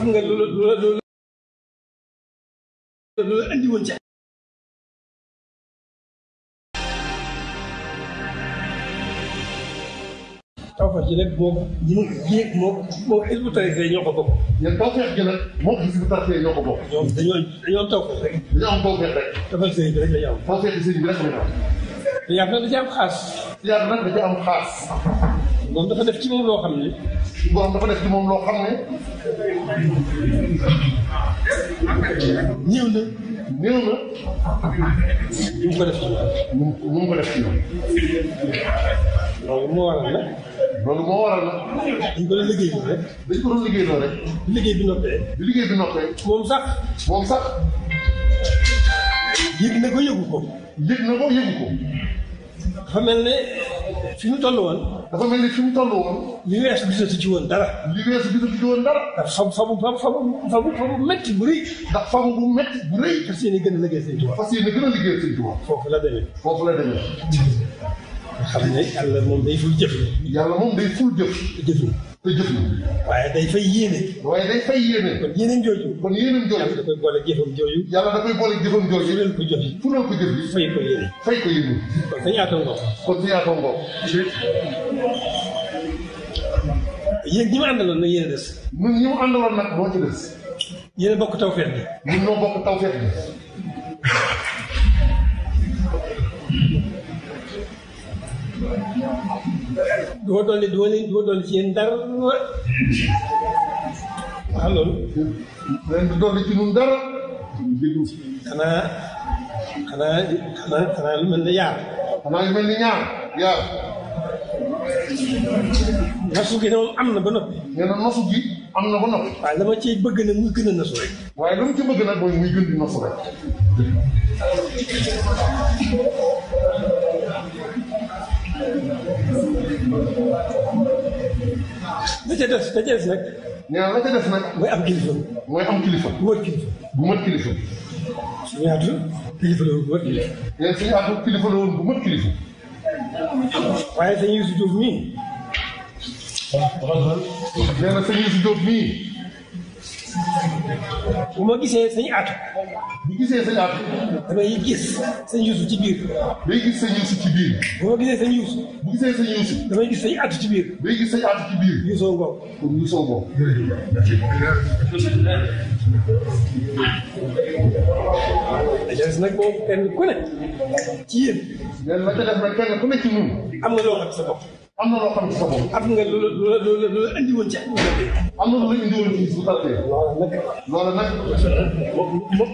xam nga loolu loolu loolu loolu andi woon ci tawfeex ji nag moom ñun ñii moom moom Hizbut Tarqiyyah ñoo ko bokk. ñun tawfeex ji nag moom Hizbut Tarqiyyah ñoo ko bokk. ñoom dañoo dañoo am tawfeex rek. dañoo am tawfeex rek. tawfeex sëriñ bi rek dañoo am. tawfeex sëriñ bi rek dañoo am. Riyad nag da ci am xaas. Riyad nag da ci am xaas. moom dafa def ci moom loo xam ne. suñu borom moom loo xam ne ñëw na néew na ñu ngi ko def ci ñu ngi ko def ci ñoom. loolu moo waral nag. loolu moo waral nag. dañ ko doon liggéey noonu bi liggéey bi noppee. bi liggéey bi noppee. moom sax. moom sax. yëg na ko yëgu ko. yëg na ko yëgu ko. dafa ne fi ñu toll woon. dafa mel ni fi mu toll woon. li weesu gisatu ci woon dara. li weesu gisatu ci woon dara. ndax fa fa fa fa fa bu métti bu rëy. ndax fa bu métti bu rëy. fas yéene gën a liggéey Sëñ Tuubaa. fas yéene gën a liggéey Sëñ Tuubaa. foofu la demee. foofu la demee. nga xam ne yàlla moom day ful jëf. yàlla moom day ful jëf. te jëf te waaye day fay yéene. waaye day fay yéene. kon yéeneen jooju. kon yéeneen jooju. da koy boole jëfam jooju. yàlla da koy boole jëfam jooju. fulal ko jëf. fulal ko jëf. fay ko yéene. fay ko yéene. kon dañu aatoon ngoog. kon dañu a des. ñun ñi ma àndaloon nag moo ci des. yéen bokk tawfeex bi. du ma dolli du ma leen du ma dolli ci yéen dara waaw ah, loolu. ren dolli ci ñun dara. xanaa xanaa xanaa xanaa lu mel yaar. xanaa lu mel ñaar yaar. nasu gi am na ba am na ba waaye la ma cee bëgg nag muy gën a nasu rek. waaye la ma ci bëgg nag muy gën di nasu rek. da ca des da ca des nag. nee na la ca des nag. mooy am kilifa. mooy am kilifa. bu mat kilifa. bu mat kilifa. suñu yaatu kilifa la woon bu mat kilifa. nee suñu yaatu kilifa la woon bu mat kilifa. waaye sëñ Youssou Diop mii. waaw nee na sëñ Youssou Diop mii. bu ma gisee sañu at. bu gisee sañu at. damay gis sañ yuusu ci biir. day gis sañ yuusu ci biir. bu ma gisee sañ yuusu. bu gisee sañ yuusu. damay gis sañu at ci biir. day gis sañu at ci biir. yuusoo ngoog. pour yuusoo ngoog. jërëjëf nag moom kenn ku ne. ci yéen. yéen ma ca def nag kenn ku ne ci ñun. am nga loo xam sa bopp. am na loo xam ci sa bopp. am nga lu la lu la lu la indi woon ci am na lu la indi woon ci su xarale. loolu nag.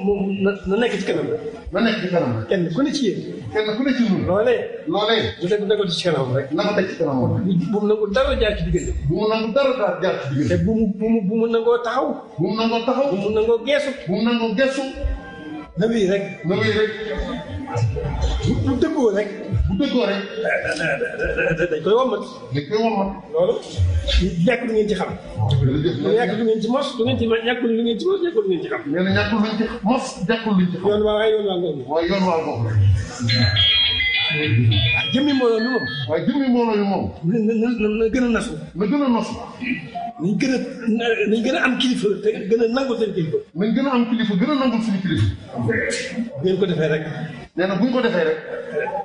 moom na nekk ci kanam rek. na nekk ci kanam rek. kenn ku ne ci yéen. kenn ku ne ci ñun. loolee. loolee. bu fekk na ko ci kanam rek. na ko teg ci kanam rek. bu mu nangu dara jaar ci diggante. bu mu nangu dara jaar ci diggante. te bu mu bu mu bu mu nangoo taxaw. bu mu nangoo taxaw. bu mu nangoo geesu. bu mu nangoo geesu. na wéy rek. na wéy rek. bu bu dëggoo rek. bu dëggoo rek. dañ koy wommat. dañ koy wommat. loolu ñàkkul ngeen ci xam. ñàkkul ngeen ci mos du ngeen ci ñàkkul lu ngeen ci mos ñàkkul ngeen ci xam. nee na ñàkkul luñ ci mos ñàkkul luñ ci xam. yoon waa yoon waa ngoog. waaw yoon waa ngoog. waaw ah, jëmmi mbooloo mi moom. waaw jëmmi mbooloo mi moom. na na gën a nasu. na gën a nasu. nañ gën a nañ gën a am kilifa te gën a nangu seen kilifa. nañ gën a am kilifa gën a nangu suñu kilifa. ngeen ko defee rek. nee na bu ñu ko defee rek.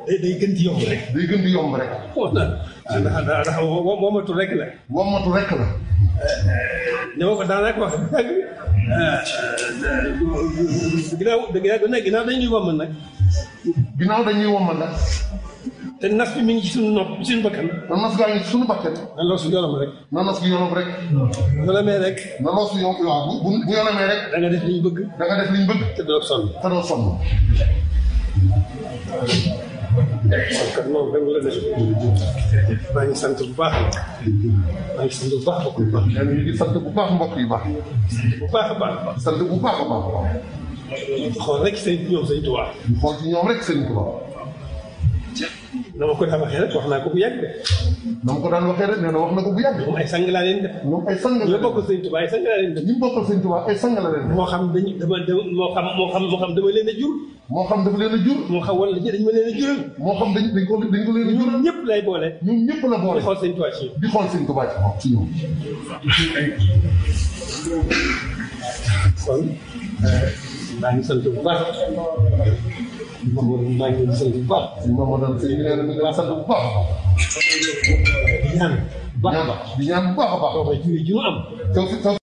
day day gën di yomb rek. day gën di yomb rek. waaw oh, ndax ndax womatu rek la. womatu rek la. ne wax ginnaaw ginnaaw dañuy wommat nag. ginnaaw bi mi ngi ci suñu nopp suñu bakkan. na nas gaa ngi suñu bakkan. na los bi yorom rek. na nos bi yorom rek. yolemee rek. na los bi yorom waaw bu bu rek. da def li bëgg. da nga def li ñu bëgg. te doo sonn. te doo sonn. kon moom dama la def maa ngi sant bu baax maa ngi sant bu baax mbokk yu baax. ñu ngi sant bu baax mbokk yu baax. bu baax a baax. sant bu baax a baax. xool rek seen ñoom seen tubaab. xool ci ñoom rek seen tubaab. na ma ko daan waxee rek wax naa ko bu yàgg de. na ma ko daan waxee rek nee na wax na ko bu yàgg. moom ay sang laa leen def. moom ay sang la leen def ñu bokkal sëñ Tuubaa ay sang laa leen def. ñu bokkal sëñ Tuubaa ay sang la leen def. moo xam dañu dama moo xam moo xam moo xam dama leen a jur. moo xam dafa leen a jur. moo xam wala dañu ma leen a jural. moo xam dañ dañ ko dañ ko leen a jural. ñun ñëpp lay boole. ñun ñëpp la boole di xool sëñ Tuubaa ci ñoom. di xool sëñ Tuubaa ci ñoom. kon maa ngi sant bu baax. maa ngi leen di sant bu baax. Mamadou Seye ñu ne la ñu ngi sant bu baax. di ñaan bu baax a baax. di ñaan bu baax a baax. taw bi ji am.